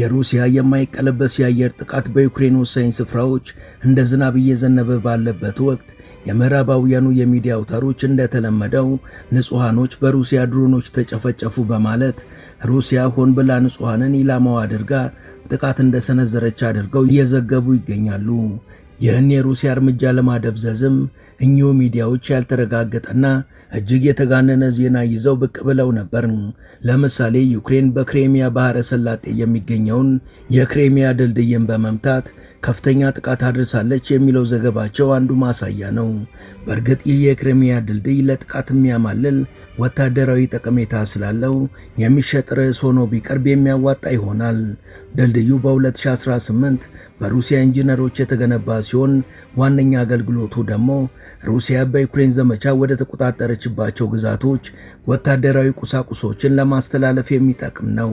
የሩሲያ የማይቀለበስ የአየር ጥቃት በዩክሬን ወሳኝ ስፍራዎች እንደ ዝናብ እየዘነበ ባለበት ወቅት የምዕራባውያኑ የሚዲያ አውታሮች እንደተለመደው ንጹሐኖች በሩሲያ ድሮኖች ተጨፈጨፉ በማለት ሩሲያ ሆን ብላ ንጹሐንን ኢላማው አድርጋ ጥቃት እንደሰነዘረች አድርገው እየዘገቡ ይገኛሉ። ይህን የሩሲያ እርምጃ ለማደብዘዝም እኚሁ ሚዲያዎች ያልተረጋገጠና እጅግ የተጋነነ ዜና ይዘው ብቅ ብለው ነበር። ለምሳሌ ዩክሬን በክሬሚያ ባህረ ሰላጤ የሚገኘውን የክሬሚያ ድልድይን በመምታት ከፍተኛ ጥቃት አድርሳለች የሚለው ዘገባቸው አንዱ ማሳያ ነው። በእርግጥ ይህ የክሪሚያ ድልድይ ለጥቃት የሚያማልል ወታደራዊ ጠቀሜታ ስላለው የሚሸጥ ርዕስ ሆኖ ቢቀርብ የሚያዋጣ ይሆናል። ድልድዩ በ2018 በሩሲያ ኢንጂነሮች የተገነባ ሲሆን ዋነኛ አገልግሎቱ ደግሞ ሩሲያ በዩክሬን ዘመቻ ወደ ተቆጣጠረችባቸው ግዛቶች ወታደራዊ ቁሳቁሶችን ለማስተላለፍ የሚጠቅም ነው።